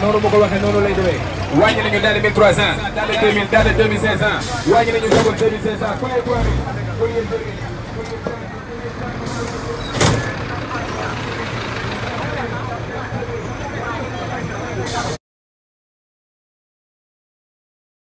noonu ma ko waxee noonu lay demee wàññi nañu daal di 1300 daal di 2000 daal di 2500 wàññi nañu dagul 2500 ku lay